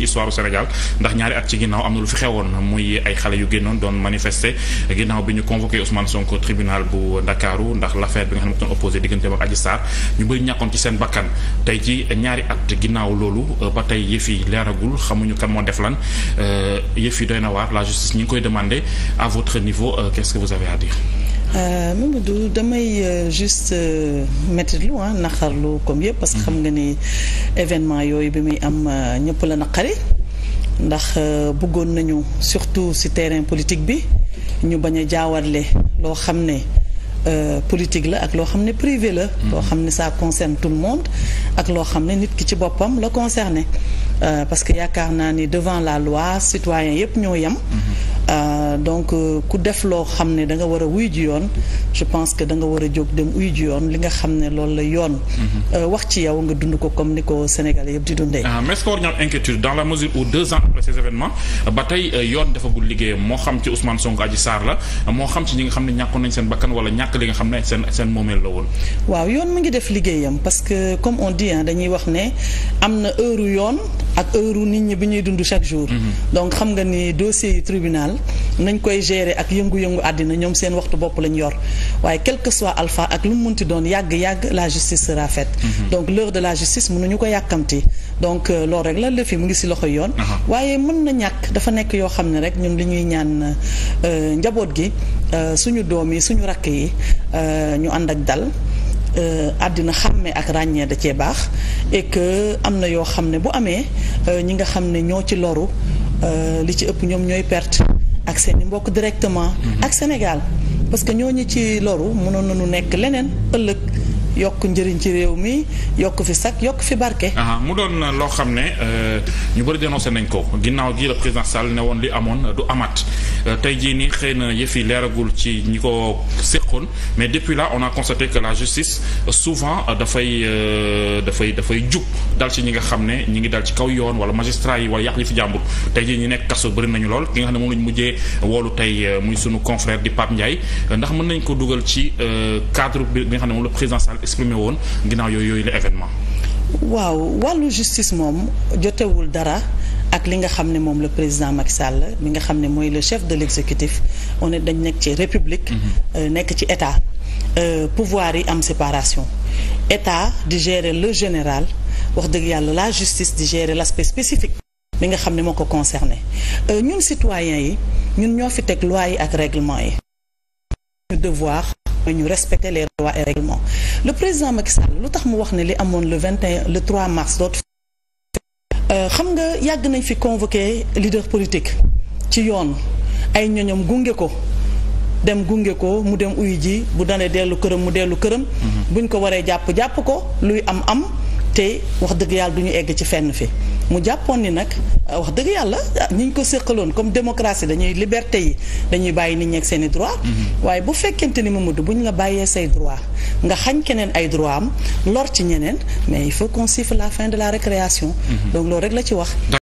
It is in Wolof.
ci histoire Sénégal ndax ñaari at ci ginnaaw am na lu fi xewoon muy ay xale yu génnoon doon manifester ginnaaw bi ñu convoqué Ousmane Sonko tribunal bu Ndakaaru ndax l'affaire bi nga xam ne doon opposé diggante ak Adji Sarr ñu bëri ñàkkoon ci seen bakkan tey ci ñaari at ginnaaw loolu euh, ba tey yëf yi leeragul xamuñu kan moo def lan euh, yëf yi doy na waar la justice ñi ngi koy demande à votre niveau euh, qu'est-ce que vous avez à dire Euh, Mamadou damay euh, juste euh, méttitlu ah naqarlu comme yëpp parce que xam nga ni événement yooyu bi muy am ñëpp la naqari ndax bëggoon nañu surtout ci terrain politique bi ñu bañ a jaawarle loo xam ne politique la ak loo xam ne privé la. loo xam ne ça concerne tout le monde ak loo xam ne nit ki ci boppam la concerné parce que yaakaar naa ni devant la loi citoyen yëpp ñoo yem. Euh, donc euh, ku def loo xam ne da nga war a wuy ji yoon je pense que da nga war a jóg dem wuy ji yoon li nga xam ne loolu la yoon. Mhm. Euh, wax ci yow nga dund ko comme ni ko Sénégalais yëpp di dundee. Ah, mais est-ce war ñu inquiétude dans la mesure où deux ans après ces événements ba tey yoon defagul liggéeyam moo xam ci Ousmane Sonko Adji Sarr la moo xam ci ñi nga xam ne ñàkkoon nañ seen bakkan wala ñàkk li nga xam ne seen seen moomeel la woon. waaw yoon mu ngi def liggéeyam parce que comme on dit dañuy wax ne am na heure yoon. ak heure nit ñi bi ñuy dund chaque jour. Mhm. donc xam nga ni dossier yi tribunal nañ koy gérer ak yëngu-yëngu àddina ñoom seen waxtu bopp lañ yor waaye quelque que soit alpha ak lu mu munti doon yàgg-yàgg la justice rafet faite. Mhm. donc l'heure de la justice mënuñu ko yàkkamti donc euh, loolu rek la lëf mu ngi si loxo yoon. waaye mën na ñàkk dafa nekk yoo xam ne rek ñun li ñuy ñaan euh, njaboot gi euh, suñu doom yi suñu rakk yi ñu ànd ak dal. Euh, àddina xàmme ak ràññee da cee baax et que am na yoo xam ne bu amee euh, ñi nga xam ne ñoo ci loru euh, li ci ëpp ñoom ñooy perte ak seen i mbokk directement mm-hmm. ak Sénégal parce que ñooñu ci loru mënoon nu nekk leneen ëllëg yokk njëriñ ci réew mi yokk fi sax yokk fi barke. mu doon loo xam ne euh, ñu bëri dénoncé nañ ko ginnaaw gi la président Sall ne woon li amoon du amaat euh, tey jii nii xëy na yëf yi leeragul ci ñi ko séqoon mais depuis la on a constaté que la justice euh, souvent dafay dafay dafay jub dal ci ñi nga xam ne ñi ngi dal ci kaw yoon wala magistrat yi wala yàq yi fi jàmbur tey jii ñi nekk kaso bëri nañu lool ki nga xam ne moom lañu mujjee woolu tey muy sunu confrère di Pape Ndiaye ndax mën nañ ko dugal ci cadre bi nga xam ne moom la exprimé woon ginnaaw yooyu yooyu la événement. waaw wàllu justice moom jotewul dara ak li nga xam ne moom la président Macky Sall mi nga xam ne mooy le chef de l'exécutif on est dañ nekk ci république. Mhm. Euh, nekk ci état euh, pouvoir yi am séparation état di gérer le général wax dëgg yàlla la justice di gérer l'aspect spécifique. mi nga xam ne moo ko concerné euh, ñun citoyens yi ñun ñoo fi teg loi yi ak règlement yi. ñu respecter les lois et règlements le président Macky Sall lu tax mu wax ne li amoon le 21 le 3 mars dootu euh, xam nga yàgg nañ fi convoqué leader politique ci yoon ay ñoñom gunge ko dem gunge ko mu dem uy ji bu danee dellu këram mu dellu këram mhm. buñ ko waree jàpp jàpp ko luy am am te wax dëgg yàlla du egg ci fenn fi mu jàppoon ni nag euh, wax dëgg yàlla ah, ñi ñu ko séqaloon comme démocratie dañuy liberté yi dañuy bàyyi nit ñi ak seen i droit mm-hmm. waaye bu fekkente ni Mamadou bu ñu nga bàyyee say droit nga xañ keneen ay droit am lor ci ñeneen mais il faut qu'on siffle la fin de la récréation mm-hmm. donc loolu rek la ci wax